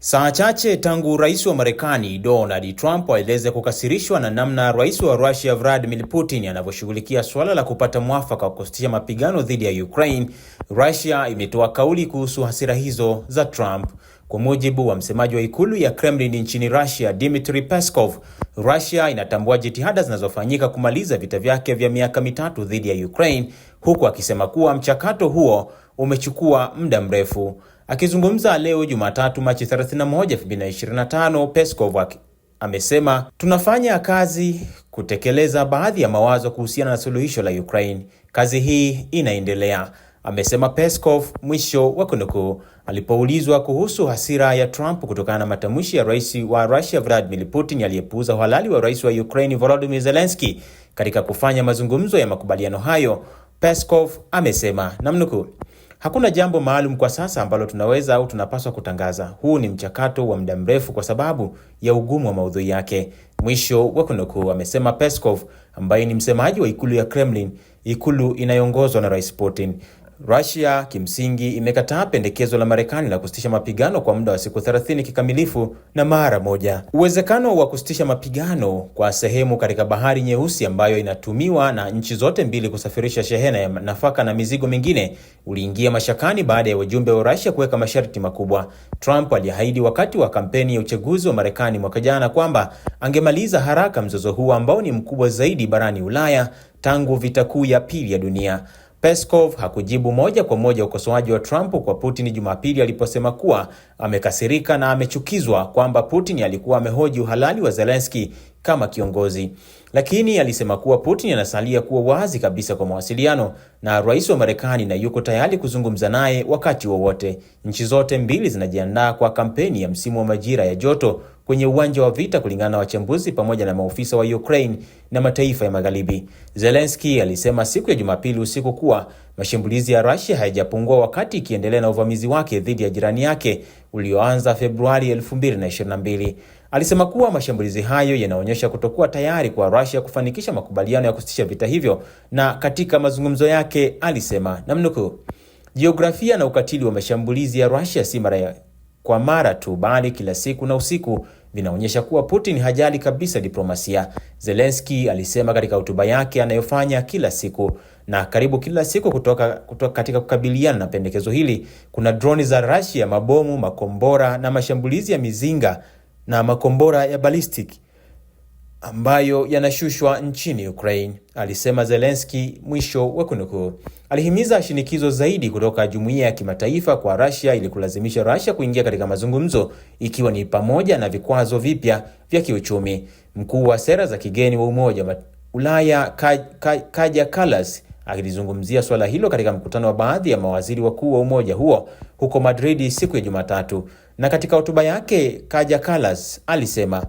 Saa chache tangu rais wa Marekani Donald Trump aeleze kukasirishwa na namna rais wa Russia Vladimir Putin anavyoshughulikia suala la kupata mwafaka wa kusitisha mapigano dhidi ya Ukraine, Russia imetoa kauli kuhusu hasira hizo za Trump. Kwa mujibu wa msemaji wa ikulu ya Kremlin nchini Russia, Dmitry Peskov, Russia inatambua jitihada zinazofanyika kumaliza vita vyake vya miaka mitatu dhidi ya Ukraine, huku akisema kuwa mchakato huo umechukua muda mrefu. Akizungumza leo Jumatatu Machi 31, 2025, Peskov amesema tunafanya kazi kutekeleza baadhi ya mawazo kuhusiana na suluhisho la Ukraine. Kazi hii inaendelea, amesema Peskov, mwisho wa kunukuu. Alipoulizwa kuhusu hasira ya Trump kutokana na matamshi ya rais wa Russia Vladimir Putin aliyepuuza uhalali wa rais wa Ukraine Volodymyr Zelensky katika kufanya mazungumzo ya makubaliano hayo, Peskov amesema namnukuu Hakuna jambo maalum kwa sasa ambalo tunaweza au tunapaswa kutangaza. Huu ni mchakato wa muda mrefu kwa sababu ya ugumu wa maudhui yake. Mwisho wa kunukuu, amesema Peskov ambaye ni msemaji wa ikulu ya Kremlin, ikulu inayoongozwa na Rais Putin. Russia kimsingi imekataa pendekezo la Marekani la kusitisha mapigano kwa muda wa siku 30 kikamilifu na mara moja. Uwezekano wa kusitisha mapigano kwa sehemu katika Bahari Nyeusi ambayo inatumiwa na nchi zote mbili kusafirisha shehena ya nafaka na mizigo mingine uliingia mashakani baada ya wajumbe wa Russia kuweka masharti makubwa. Trump aliahidi wakati wa kampeni ya uchaguzi wa Marekani mwaka jana kwamba angemaliza haraka mzozo huo ambao ni mkubwa zaidi barani Ulaya tangu Vita Kuu ya Pili ya Dunia. Peskov hakujibu moja kwa moja ukosoaji wa Trump kwa Putin Jumapili aliposema kuwa amekasirika na amechukizwa kwamba Putin alikuwa amehoji uhalali wa Zelensky kama kiongozi, lakini alisema kuwa Putin anasalia kuwa wazi kabisa kwa mawasiliano na rais wa Marekani na yuko tayari kuzungumza naye wakati wowote. Nchi zote mbili zinajiandaa kwa kampeni ya msimu wa majira ya joto kwenye uwanja wa vita, kulingana na wachambuzi pamoja na maofisa wa Ukraine na mataifa ya Magharibi. Zelensky alisema siku ya Jumapili usiku kuwa mashambulizi ya Russia hayajapungua wakati ikiendelea na uvamizi wake dhidi ya jirani yake ulioanza Februari 2022. Alisema kuwa mashambulizi hayo yanaonyesha kutokuwa tayari kwa Russia kufanikisha makubaliano ya kusitisha vita hivyo, na katika mazungumzo yake alisema namnukuu, jiografia na ukatili wa mashambulizi ya Russia si mara kwa mara tu, bali kila siku na usiku vinaonyesha kuwa Putin hajali kabisa diplomasia, Zelensky alisema katika hotuba yake anayofanya kila siku na karibu kila siku kutoka, kutoka katika kukabiliana na pendekezo hili. Kuna droni za Russia, mabomu, makombora na mashambulizi ya mizinga na makombora ya balistiki ambayo yanashushwa nchini Ukraine, alisema Zelensky, mwisho wa kunukuu. Alihimiza shinikizo zaidi kutoka jumuiya ya kimataifa kwa Russia ili kulazimisha Russia kuingia katika mazungumzo, ikiwa ni pamoja na vikwazo vipya vya kiuchumi. Mkuu wa sera za kigeni wa Umoja wa Ulaya Kaja, kalas Kallas akilizungumzia suala hilo katika mkutano wa baadhi ya mawaziri wakuu wa umoja huo huko Madridi siku ya Jumatatu. Na katika hotuba yake Kaja Kallas alisema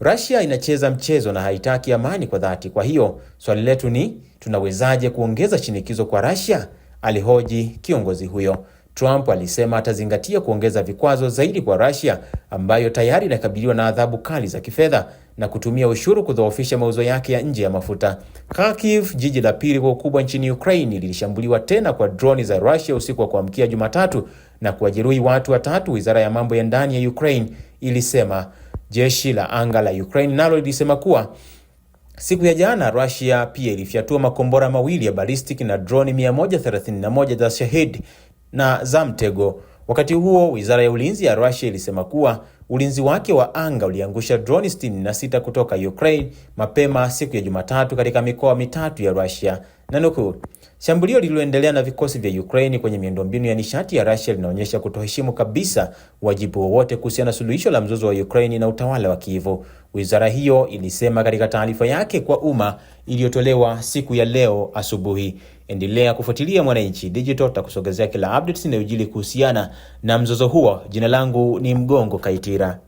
Russia inacheza mchezo na haitaki amani kwa dhati. Kwa hiyo swali letu ni tunawezaje kuongeza shinikizo kwa Russia? alihoji kiongozi huyo. Trump alisema atazingatia kuongeza vikwazo zaidi kwa Russia ambayo tayari inakabiliwa na adhabu kali za kifedha na kutumia ushuru kudhoofisha mauzo yake ya nje ya mafuta. Kharkiv, jiji la pili kwa ukubwa nchini Ukraine, lilishambuliwa tena kwa droni za Russia usiku wa kuamkia Jumatatu na kuwajeruhi watu watatu, wizara ya mambo ya ndani ya Ukraine ilisema. Jeshi la anga la Ukraine nalo lilisema kuwa siku ya jana Russia pia ilifyatua makombora mawili ya balistiki na droni 131 za Shahid na za mtego. Wakati huo, wizara ya ulinzi ya Russia ilisema kuwa Ulinzi wake wa anga uliangusha droni 66 kutoka Ukraine mapema siku ya Jumatatu katika mikoa mitatu ya Russia. Na nukuu, shambulio lililoendelea na vikosi vya Ukraine kwenye miundombinu ya nishati ya Russia linaonyesha kutoheshimu kabisa wajibu wowote kuhusiana na suluhisho la mzozo wa Ukraine na utawala wa Kiev. Wizara hiyo ilisema katika taarifa yake kwa umma iliyotolewa siku ya leo asubuhi. Endelea kufuatilia Mwananchi Digital, takusogezea kila updates inayojili kuhusiana na mzozo huo. Jina langu ni Mgongo Kaitira.